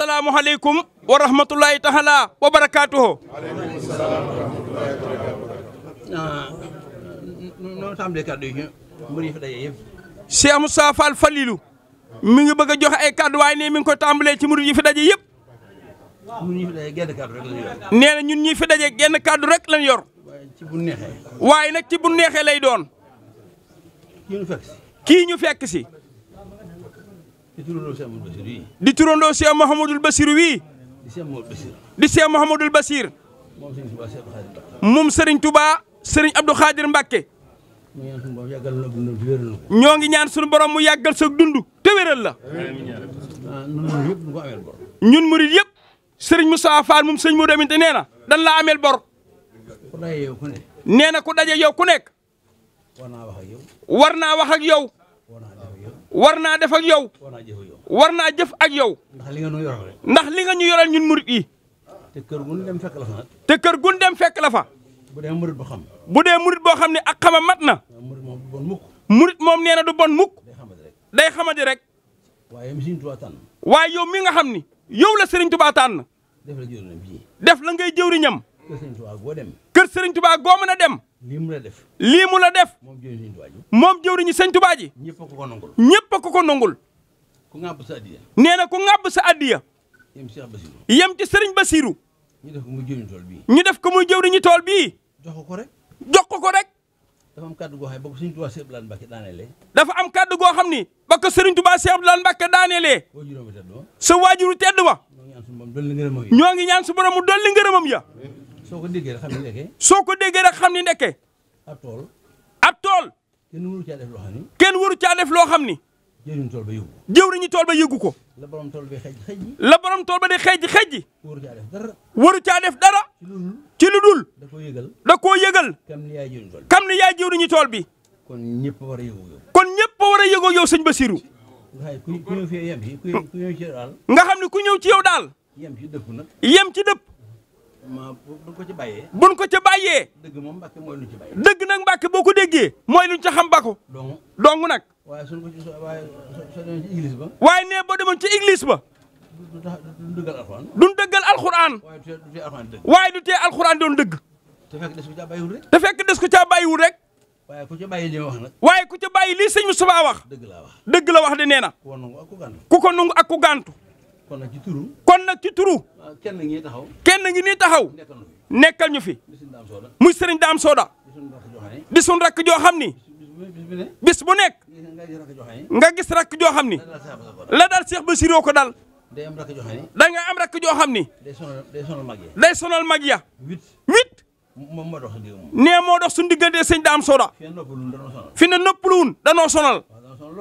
salaamu aleykum wa rahmatullahi taala wa barakaatuhu noo tàmbalee kàddu yi mbër yi fa daje yëpp Cheikh Moussa Fall Falilou mi ngi bëgg a joxe ay kàddu waaye ne mi ngi ko tàmbalee ci murid yi fi daje yëpp nee ñun ñi fi daje genn kàddu rek lañ yor waaye nag ci bu neexee lay doon kii ñu fekk si di turandoo Cheikh Mouhamadul Bassir wii. di turandoo Cheikh Mouhamadul Bassir wii. di Cheikh Mouhamadul Bassir. di Cheikh Mouhamadul Bassir. moom Serigne Touba Serigne ñoo ngi ñaan suñu borom mu yàggal sa dund te wéral la. Ah, ñun murid yëpp Serigne Moussa Fall moom sëñ Modou Aminta nee na dan laa ameel bor. nee na ku daje yow ku nekk. war naa wax ak yow. war naa def ak yow. war naa jëf ak yow. ndax li nga ñu yoral ndax li nga ñu yoral ñun murit yi. te kër gun dem fekk la fa. te kër gun dem fekk la fa. bu dee murit boo xam. bu dee murit boo xam ne ak xama mat na. murit moom du bon murit moom nee na du bon mukk. day xamadi rek. waaye mi Sëriñ Tuubaa waaye yow mi nga xam ni yow la Sëriñ Tuubaa tànn. def la ngay jëwriñam. kër Serigne Touba goo dem. kër Serigne Touba mën a dem. lii def. lii mu la def. moom jëwriñu Serigne Touba ji. moom jëwriñu Serigne Touba ji. ñëpp a ko ko nangul. ñëpp a ko ko nangul. ku ŋàbb sa addiya. nee na ku ŋàbb sa addiya. yem ci Serigne Bassirou. yem ci Serigne Bassirou. ñu def ko muy jëwriñu tool bii. ñu def ko muy jëwriñu tool bii. jox ko ko rek. jox ko ko rek. dafa am kàddu goo xam ba ko Serigne Touba Cheikh xam ni ba ko Serigne Touba Cheikh Abdoulaye Mbacke daanelee. sa waajuru tedd wa ñoo ngi ñaan su borom mu dolli ngërëmam ya soo ko déggee rek xam ni nekkee. soo ko déggee xam ni nekkee. ab tool. tool. kenn waru caa def loo xam ni. kenn waru caa def loo xam ni. jëwriñu tool ba yëgu ko. jëwriñu tool ba yëgu ko. la borom tool ba xëj la borom tool ba di xëj xëj. waru caa def dara. waru caa def dara. ci lu dul. da koo yëgal. da koo yëgal. kam ni yaay jëwriñu tool bi. kam ni tool bi. kon ñëpp war a yëgoo yow. kon ñëpp war a yëgoo yow sëñ Basirou. nga xam ne ku ñëw ci yow daal. yem ci dëpp nag. yem ma buñ ko ci bàyyee. buñ ko ci bàyyee. dëgg moom Mbàkke mooy luñ dëgg nag Mbàkke boo ko déggee. mooy luñ ca xam bako ko. dong dong nag. waaye suñ ko ci waaye soo demoon ci église ba. waaye nee dëggal alxuraan. duñ waaye du tee alxuraan dëgg. doon dëgg. te fekk des ko caa bàyyiwul rek. fekk des ko caa bàyyiwul rek. waaye ku ca bàyyi wax nag. waaye ku ca bàyyi lii sëñ Moustapha wax. dëgg la wax dëgg la wax de nee na. ku ko nangu ak ku gàntu. kon nag ci turu. kon nag ah, kenn ngi taxaw. kenn ngi nii taxaw. nekkal ñu fi. muy sëriñ Daam Sooda. di rakk joo xam ni. bis bu nekk. nga gis rakk joo xam ni. la daal Cheikh Bassirou ko dal day am rakk joo xam ni. am rakk joo xam ni. day sonal day sonal mag ya. day sonal mag moom moo dox suñu diggante. nee moo dox suñu diggante sëñ Daam Sooda. fi ne noppaluwun danoo sonal.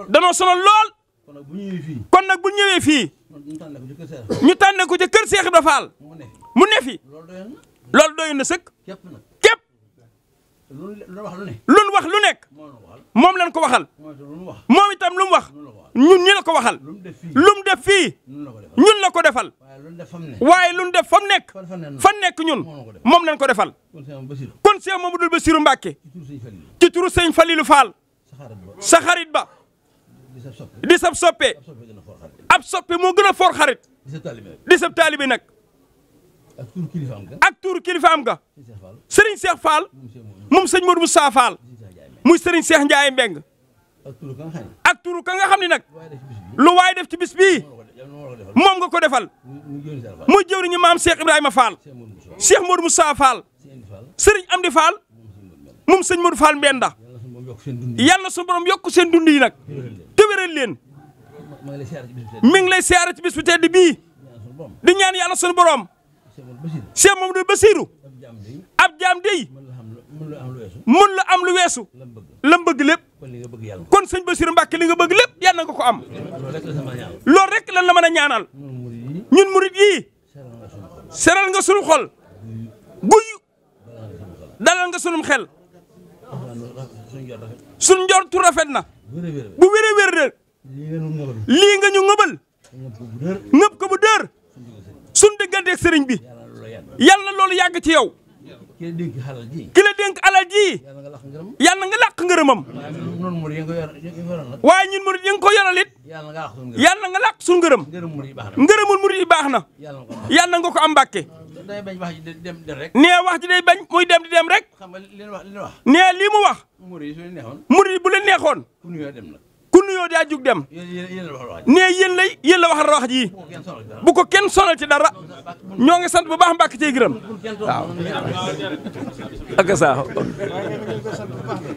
danoo sonal lool. kon nag bu ñëwee fii. ñu tànn ko ca kër Seex Ibra Faal mu ne fi loolu doyoon na sëkk képp lu nu wax lu nekk moom lañ ko waxal moom itam lu mu wax ñun ñi la ko waxal lu mu def fii ñun la ko defal waaye lu def fa nekk fa nekk ñun moom lañ ko defal kon Seex Mamadu Basiru Mbàkke ci turu sëñ Falilu Faal sa xarit ba di sab soppe ab soppe moo gën a for xarit. di sab taalibe nag di ak tuur kilifaam ga. ak tuur kilifaam ga. Serigne Cheikh Fall. moom sëñ Modou Moussa muy Serigne seex Ndiaye Mbeng ak turu ka nga xam ne nag. lu waay def ci bis bii. moom nga ko defal. muy jëwriñu maam Cheikh Ibrahima Fall. Cheikh Modou Moussa Fall. Serigne Amdi Fall. moom sëñ Modou Fall Mbenda. yàlla na suñu borom yokk seen dund yi nag. te wéral leen. mi ngi lay siyaare ci bis bu tedd bii di ñaan yàlla sunu borom Cheikh Mamadou Bassirou ab jaam dey mën la am lu weesu lam bëgg lépp kon sëñ Bassirou mbakk li nga bëgg lépp yal na nga ko am lool rek lan la mën a ñaanal ñun murit yii seral nga sunu xol guy dalal nga sunum xel sunu njortu rafet na bu wér a lii nga ñu ngëbal ngëb ko bu dër suñ diggante ak sëriñ bi yàlla loolu yàgg ci yow ki la dénk alal ji yàlla nga làq ngërëmam waaye ñun murid yi nga ko yoral it yàlla nga làq suñ ngërëm ngërëmul murid yi baax na yàlla nga ko am mbàkke nee wax ji day bañ muy dem di dem rek nee lii mu wax murid bu leen neexoon nuyoo daa jug dem nee yéen lay yéen la waxal wax ji bu ko kenn sonal ci dara ñoo ngi sant bu baax mbàkk tey gërëm waaw ak saa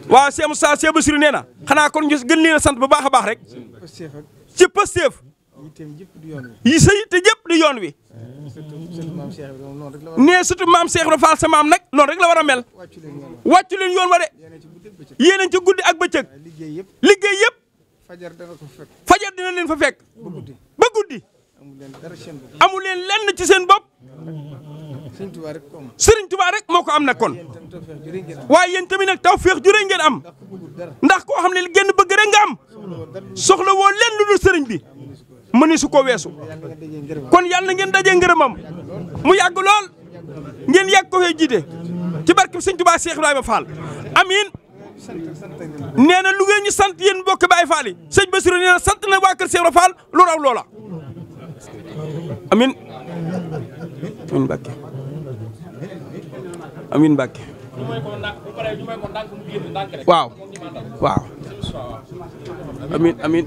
waaw Cheikh Moussa Cheikh Bassirou nee na xanaa kon ñu gën leen sant bu baax a baax rek ci Pastef yi sa yitte jëpp di yoon wi nee surtout maam Cheikh Ibra Fall sa maam nag noonu rek la war a mel wàccu leen yoon wa de yéen a ci guddi ak bëccëg liggéey yëpp fajar dana ko fekk. dina leen fa fekk. ba guddi ba guddi. amul leen dara leen lenn ci seen bopp. Sëriñ Tuubaa rek ko am. Sëriñ Tuubaa rek moo ko am na kon. waaye yéen tamit nag tawfeex jure ngeen am. ndax koo xam ne li génn bëgg rek am. soxla woo leen lu dul sëriñ bi. mëni su ko weesu. kon yàlla ngeen dajee ngërëmam. mu yàgg lool. ngeen yàgg ko fee jiite. ci barke Sëriñ seex Cheikh Ibrahima Fall. amiin. nee na sant yéen mbokk Baye Fall yi sëñ Bassirou nee na sant na waa Kër Cheikh Fall lu loola. amin amin amin Mbacke waaw waaw amin amin